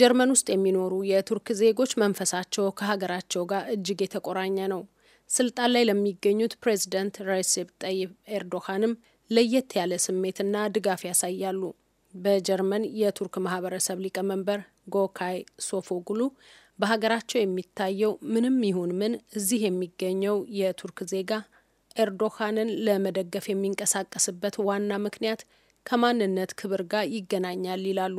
ጀርመን ውስጥ የሚኖሩ የቱርክ ዜጎች መንፈሳቸው ከሀገራቸው ጋር እጅግ የተቆራኘ ነው። ስልጣን ላይ ለሚገኙት ፕሬዚደንት ሬሴፕ ጠይብ ኤርዶሃንም ለየት ያለ ስሜትና ድጋፍ ያሳያሉ። በጀርመን የቱርክ ማህበረሰብ ሊቀመንበር ጎካይ ሶፎጉሉ በሀገራቸው የሚታየው ምንም ይሁን ምን እዚህ የሚገኘው የቱርክ ዜጋ ኤርዶሃንን ለመደገፍ የሚንቀሳቀስበት ዋና ምክንያት ከማንነት ክብር ጋር ይገናኛል ይላሉ።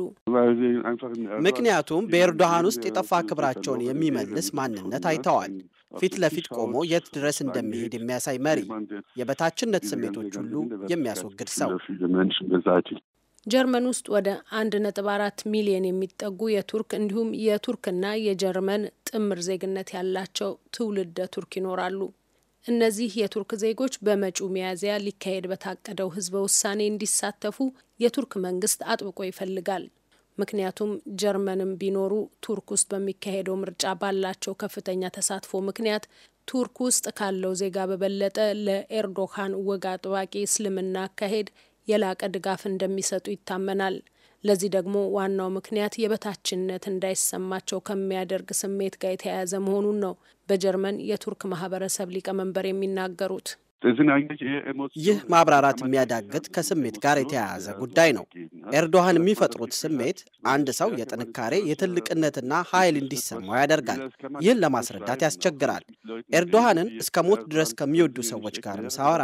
ምክንያቱም በኤርዶሃን ውስጥ የጠፋ ክብራቸውን የሚመልስ ማንነት አይተዋል። ፊት ለፊት ቆሞ የት ድረስ እንደሚሄድ የሚያሳይ መሪ፣ የበታችነት ስሜቶች ሁሉ የሚያስወግድ ሰው። ጀርመን ውስጥ ወደ አንድ ነጥብ አራት ሚሊዮን የሚጠጉ የቱርክ እንዲሁም የቱርክና የጀርመን ጥምር ዜግነት ያላቸው ትውልደ ቱርክ ይኖራሉ። እነዚህ የቱርክ ዜጎች በመጪው ሚያዝያ ሊካሄድ በታቀደው ህዝበ ውሳኔ እንዲሳተፉ የቱርክ መንግስት አጥብቆ ይፈልጋል። ምክንያቱም ጀርመንም ቢኖሩ ቱርክ ውስጥ በሚካሄደው ምርጫ ባላቸው ከፍተኛ ተሳትፎ ምክንያት ቱርክ ውስጥ ካለው ዜጋ በበለጠ ለኤርዶሃን ወግ አጥባቂ እስልምና አካሄድ የላቀ ድጋፍ እንደሚሰጡ ይታመናል። ለዚህ ደግሞ ዋናው ምክንያት የበታችነት እንዳይሰማቸው ከሚያደርግ ስሜት ጋር የተያያዘ መሆኑን ነው በጀርመን የቱርክ ማህበረሰብ ሊቀመንበር የሚናገሩት። ይህ ማብራራት የሚያዳግት ከስሜት ጋር የተያያዘ ጉዳይ ነው። ኤርዶሃን የሚፈጥሩት ስሜት አንድ ሰው የጥንካሬ የትልቅነትና ኃይል እንዲሰማው ያደርጋል። ይህን ለማስረዳት ያስቸግራል። ኤርዶሃንን እስከ ሞት ድረስ ከሚወዱ ሰዎች ጋርም ሳወራ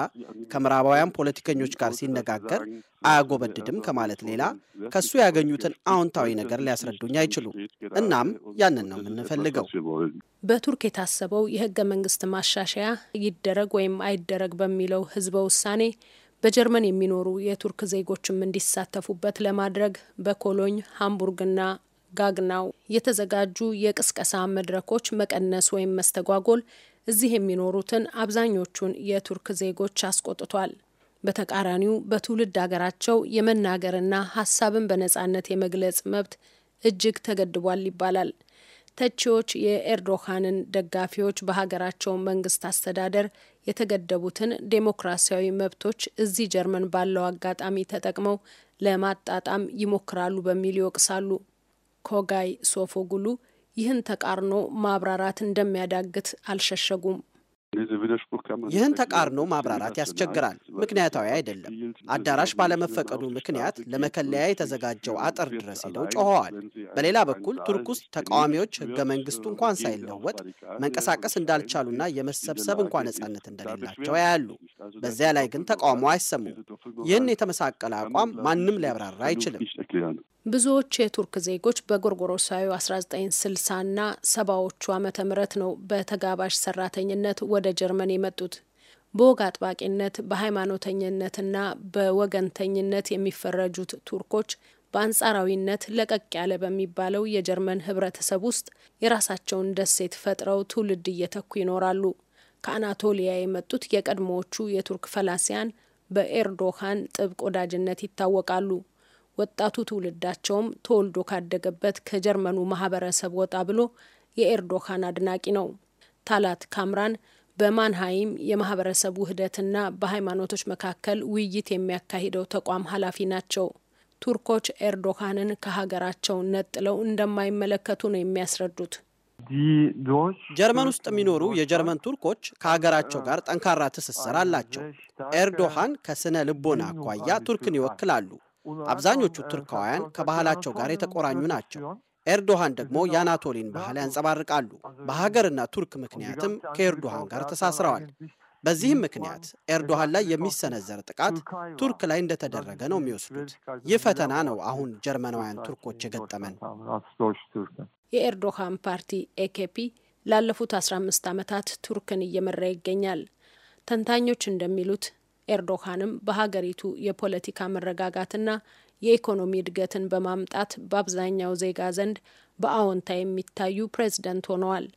ከምዕራባውያን ፖለቲከኞች ጋር ሲነጋገር አያጎበድድም ከማለት ሌላ ከእሱ ያገኙትን አዎንታዊ ነገር ሊያስረዱኝ አይችሉም። እናም ያንን ነው የምንፈልገው። በቱርክ የታሰበው የህገ መንግስት ማሻሻያ ይደረግ ወይም አይደረግ በሚለው ህዝበ ውሳኔ በጀርመን የሚኖሩ የቱርክ ዜጎችም እንዲሳተፉበት ለማድረግ በኮሎኝ ሃምቡርግና ጋግናው የተዘጋጁ የቅስቀሳ መድረኮች መቀነስ ወይም መስተጓጎል እዚህ የሚኖሩትን አብዛኞቹን የቱርክ ዜጎች አስቆጥቷል። በተቃራኒው በትውልድ አገራቸው የመናገርና ሀሳብን በነጻነት የመግለጽ መብት እጅግ ተገድቧል ይባላል። ተቺዎች የኤርዶሃንን ደጋፊዎች በሀገራቸው መንግስት አስተዳደር የተገደቡትን ዴሞክራሲያዊ መብቶች እዚህ ጀርመን ባለው አጋጣሚ ተጠቅመው ለማጣጣም ይሞክራሉ በሚል ይወቅሳሉ። ኮጋይ ሶፎጉሉ ይህን ተቃርኖ ማብራራት እንደሚያዳግት አልሸሸጉም። ይህን ተቃርኖ ማብራራት ያስቸግራል። ምክንያታዊ አይደለም። አዳራሽ ባለመፈቀዱ ምክንያት ለመከለያ የተዘጋጀው አጥር ድረስ ሄደው ጮኸዋል። በሌላ በኩል ቱርክ ውስጥ ተቃዋሚዎች ህገ መንግስቱ እንኳን ሳይለወጥ መንቀሳቀስ እንዳልቻሉና የመሰብሰብ እንኳን ነጻነት እንደሌላቸው ያያሉ። በዚያ ላይ ግን ተቃውሞ አይሰሙም። ይህን የተመሳቀለ አቋም ማንም ሊያብራራ አይችልም። ብዙዎች የቱርክ ዜጎች በጎርጎሮሳዊ 1960ና ሰባዎቹ ዓመተ ምህረት ነው በተጋባዥ ሰራተኝነት ወደ ጀርመን የመጡት። በወግ አጥባቂነት በሃይማኖተኝነትና በወገንተኝነት የሚፈረጁት ቱርኮች በአንጻራዊነት ለቀቅ ያለ በሚባለው የጀርመን ህብረተሰብ ውስጥ የራሳቸውን ደሴት ፈጥረው ትውልድ እየተኩ ይኖራሉ። ከአናቶሊያ የመጡት የቀድሞዎቹ የቱርክ ፈላሲያን በኤርዶሃን ጥብቅ ወዳጅነት ይታወቃሉ። ወጣቱ ትውልዳቸውም ተወልዶ ካደገበት ከጀርመኑ ማህበረሰብ ወጣ ብሎ የኤርዶካን አድናቂ ነው። ታላት ካምራን በማንሃይም የማህበረሰብ ውህደትና በሃይማኖቶች መካከል ውይይት የሚያካሂደው ተቋም ኃላፊ ናቸው። ቱርኮች ኤርዶካንን ከሀገራቸው ነጥለው እንደማይመለከቱ ነው የሚያስረዱት። ጀርመን ውስጥ የሚኖሩ የጀርመን ቱርኮች ከሀገራቸው ጋር ጠንካራ ትስስር አላቸው። ኤርዶሃን ከስነ ልቦና አኳያ ቱርክን ይወክላሉ። አብዛኞቹ ቱርካውያን ከባህላቸው ጋር የተቆራኙ ናቸው። ኤርዶሃን ደግሞ የአናቶሊን ባህል ያንጸባርቃሉ። በሀገርና ቱርክ ምክንያትም ከኤርዶሃን ጋር ተሳስረዋል። በዚህም ምክንያት ኤርዶሃን ላይ የሚሰነዘር ጥቃት ቱርክ ላይ እንደተደረገ ነው የሚወስዱት። ይህ ፈተና ነው አሁን ጀርመናውያን ቱርኮች የገጠመን። የኤርዶሃን ፓርቲ ኤኬፒ ላለፉት 15 ዓመታት ቱርክን እየመራ ይገኛል። ተንታኞች እንደሚሉት ኤርዶሃንም በሀገሪቱ የፖለቲካ መረጋጋትና የኢኮኖሚ እድገትን በማምጣት በአብዛኛው ዜጋ ዘንድ በአዎንታ የሚታዩ ፕሬዝደንት ሆነዋል።